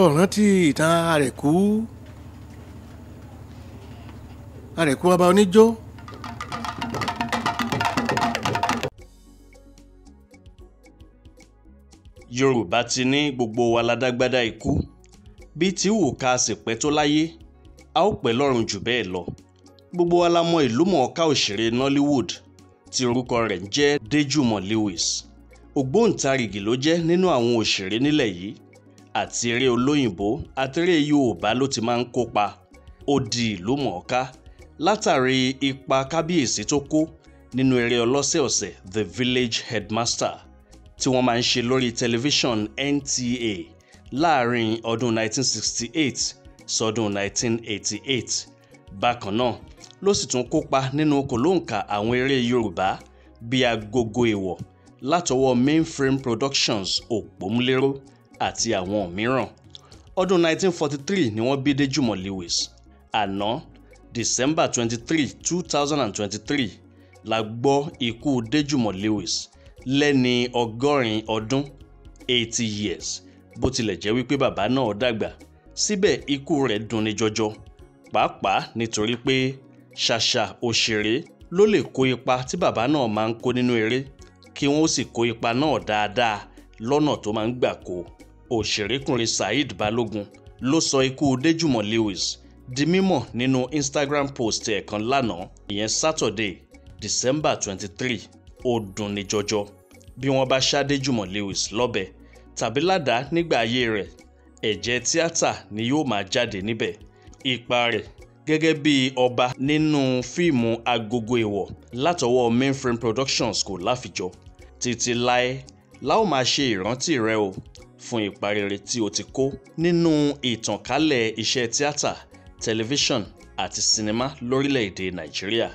ó rántí ìtàn àrẹ̀kú àrẹ̀kú ọba oníjó. yorùbá ti ní gbogbo wa ládágbádá ikú bí tí wù ká sì pẹ́ tó láyé a ó pẹ́ lọ́run jù bẹ́ẹ̀ lọ gbogbo wa la mọ ìlúmọ̀ọ́ká òṣèré nollywood tí orúkọ rẹ̀ ń jẹ́ Déjùmọ̀ Lewis ògbóǹtarìgì ló jẹ́ nínú àwọn òṣèré nílẹ̀ yìí àti eré olóyìnbó àti eré yorùbá ló ti máa ń kópa ó di ìlú mọ̀ọ́ká látàrí ipa kábíyèsí tó kó nínú eré ọlọ́sẹ̀ọ̀sẹ̀ the village headmaster tí wọ́n máa ń ṣe lórí tẹlifíṣàn NTA láàrin ọdún 1968 sọdún 1988 bákan náà ló sì tún kópa nínú kòlóǹkà àwọn eré yorùbá bíi agogo èèwọ̀ látọwọ́ mainframe productions òpómúléró àti àwọn mìíràn ọdún 1943 ni wọ́n bí Déjùmọ̀ Lewis àná December 23 2023 la gbọ́ ikú Déjùmọ̀ Lewis lẹ́ni ọgọ́rin ọdún 80 years bó tilẹ̀ jẹ́ wípé bàbá náà dàgbà síbẹ̀ ikú rẹ̀ dunni jọjọ pàápàá nítorí pé ṣàṣà òṣèré ló lè kó ipa tí bàbá náà máa ń kó nínú eré kí wọ́n ó sì kó ipa náà dáadáa lọ́nà tó máa ń gbà kó òṣèrékùnrin Saheed Balógun ló sọ ikú Déjùmọ̀ Lewis di mímọ̀ nínú Instagram post ẹ̀ kan lánàá ìyẹn Saturday December twenty three ó dùn ní jọjọ bí wọ́n bá ṣá Déjùmọ̀ Lewis lọ́bẹ tàbí ládàá nígbà ayé rẹ̀ ẹ̀jẹ̀ tíátà ni yóò máa jáde níbẹ̀ ipa rẹ̀ gẹ́gẹ́ bí ọba nínú fíìmù agogo ìwọ̀ látọwọ́ Mainframe Productions kò láfijọ́ títí láé la ó máa ṣe ìrántí rẹ̀ o fún ipa rere tí o ti kó nínú ìtànkálẹ̀ iṣẹ́ tíátà tẹlifíṣàn àti sinimá lórílẹ̀‐èdè nàìjíríà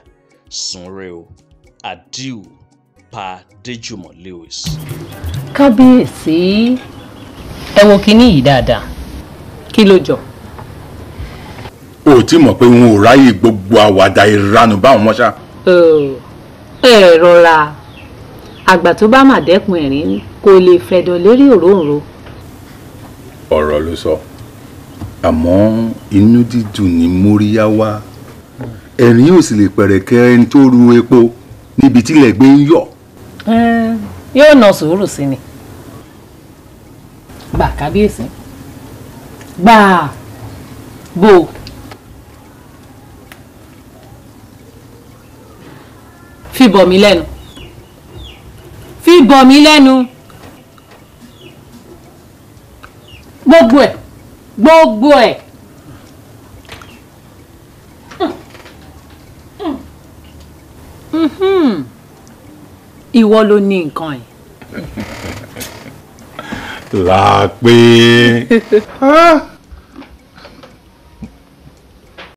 sùnre o adiu pa Déjùmọ̀ Lewis. kábíyèsí ẹ wo kinní yìí dáadáa kí ló jọ. o ò tí mọ̀ pé n ò ráyè gbogbo àwàdà ìranù báwọn mọ́ṣá. ẹ rọra àgbà tó bá mà dẹ́kun ẹ̀rín kò lè fẹ̀dọ̀ lórí òróǹro ọ̀rọ̀ ló sọ àmọ́ inú dídùn ni móríyá wá ẹ̀rín ò sì lè pẹ̀rẹ̀kẹ́ ẹni tó ru epo níbi tílẹ̀ gbé ń yọ̀. yóò nà sùúrù sí ni gbà kábíyèsí gbà bò. fi bọ̀ mí lẹ́nu fi bọ̀ mí lẹ́nu. gbogbo ẹ̀ gbogbo ẹ̀. Mm-hmm. ìwọ ló ní nǹkan ẹ̀. là